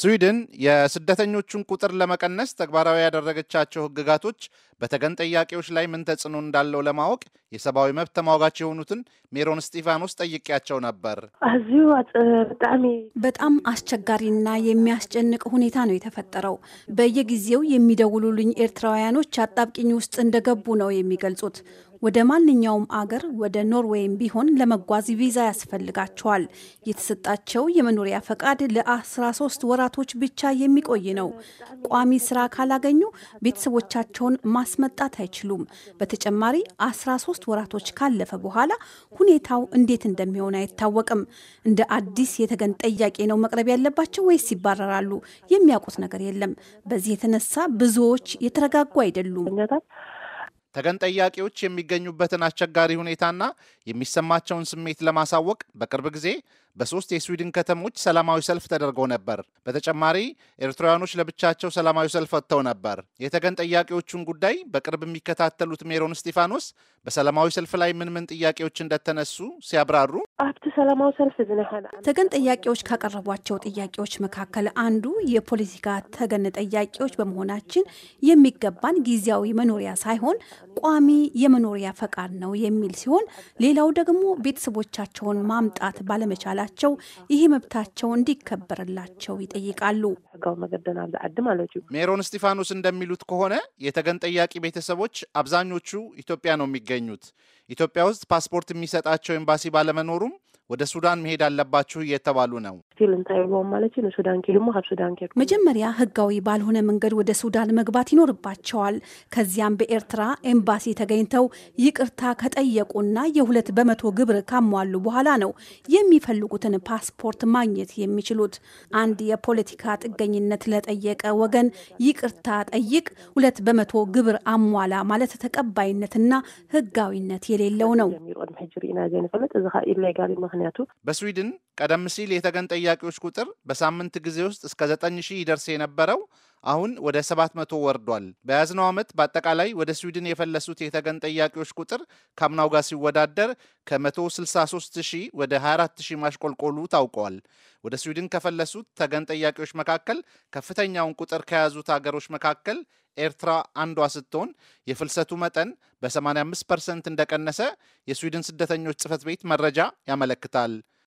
ስዊድን የስደተኞቹን ቁጥር ለመቀነስ ተግባራዊ ያደረገቻቸው ህግጋቶች በተገን ጠያቂዎች ላይ ምን ተጽዕኖ እንዳለው ለማወቅ የሰብአዊ መብት ተሟጋች የሆኑትን ሜሮን ስጢፋኖስ ጠይቄያቸው ነበር። በጣም አስቸጋሪና የሚያስጨንቅ ሁኔታ ነው የተፈጠረው። በየጊዜው የሚደውሉልኝ ኤርትራውያኖች አጣብቂኝ ውስጥ እንደገቡ ነው የሚገልጹት። ወደ ማንኛውም አገር ወደ ኖርዌይም ቢሆን ለመጓዝ ቪዛ ያስፈልጋቸዋል። የተሰጣቸው የመኖሪያ ፈቃድ ለ13 ወራቶች ብቻ የሚቆይ ነው። ቋሚ ስራ ካላገኙ ቤተሰቦቻቸውን ማስመጣት አይችሉም። በተጨማሪ 13 ወራቶች ካለፈ በኋላ ሁኔታው እንዴት እንደሚሆን አይታወቅም። እንደ አዲስ የተገን ጠያቄ ነው መቅረብ ያለባቸው ወይስ ይባረራሉ? የሚያውቁት ነገር የለም። በዚህ የተነሳ ብዙዎች የተረጋጉ አይደሉም። ተገን ጠያቂዎች የሚገኙበትን አስቸጋሪ ሁኔታና የሚሰማቸውን ስሜት ለማሳወቅ በቅርብ ጊዜ በሶስት የስዊድን ከተሞች ሰላማዊ ሰልፍ ተደርጎ ነበር። በተጨማሪ ኤርትራውያኖች ለብቻቸው ሰላማዊ ሰልፍ ወጥተው ነበር። የተገን ጥያቄዎቹን ጉዳይ በቅርብ የሚከታተሉት ሜሮን እስጢፋኖስ በሰላማዊ ሰልፍ ላይ ምን ምን ጥያቄዎች እንደተነሱ ሲያብራሩ አብቲ ሰላማዊ ሰልፍ ተገን ጥያቄዎች ካቀረቧቸው ጥያቄዎች መካከል አንዱ የፖለቲካ ተገን ጥያቄዎች በመሆናችን የሚገባን ጊዜያዊ መኖሪያ ሳይሆን ቋሚ የመኖሪያ ፈቃድ ነው የሚል ሲሆን ሌላው ደግሞ ቤተሰቦቻቸውን ማምጣት ባለመቻላ በመገደላቸው ይህ መብታቸው እንዲከበርላቸው ይጠይቃሉ። ሜሮን እስጢፋኖስ እንደሚሉት ከሆነ የተገን ጠያቂ ቤተሰቦች አብዛኞቹ ኢትዮጵያ ነው የሚገኙት። ኢትዮጵያ ውስጥ ፓስፖርት የሚሰጣቸው ኤምባሲ ባለመኖሩም ወደ ሱዳን መሄድ አለባችሁ እየተባሉ ነው። መጀመሪያ ህጋዊ ባልሆነ መንገድ ወደ ሱዳን መግባት ይኖርባቸዋል። ከዚያም በኤርትራ ኤምባሲ ተገኝተው ይቅርታ ከጠየቁና የሁለት በመቶ ግብር ካሟሉ በኋላ ነው የሚፈልጉትን ፓስፖርት ማግኘት የሚችሉት። አንድ የፖለቲካ ጥገኝነት ለጠየቀ ወገን ይቅርታ ጠይቅ፣ ሁለት በመቶ ግብር አሟላ ማለት ተቀባይነትና ህጋዊነት የሌለው ነው። ምክንያቱ በስዊድን ቀደም ሲል የተገን ጠያቂዎች ቁጥር በሳምንት ጊዜ ውስጥ እስከ ዘጠኝ ሺህ ይደርስ የነበረው አሁን ወደ 700 ወርዷል። በያዝነው ዓመት በአጠቃላይ ወደ ስዊድን የፈለሱት የተገን ጠያቂዎች ቁጥር ከአምናው ጋር ሲወዳደር ከ163ሺህ ወደ 24000 ማሽቆልቆሉ ታውቀዋል። ወደ ስዊድን ከፈለሱት ተገን ጠያቂዎች መካከል ከፍተኛውን ቁጥር ከያዙት አገሮች መካከል ኤርትራ አንዷ ስትሆን የፍልሰቱ መጠን በ85 ፐርሰንት እንደቀነሰ የስዊድን ስደተኞች ጽፈት ቤት መረጃ ያመለክታል።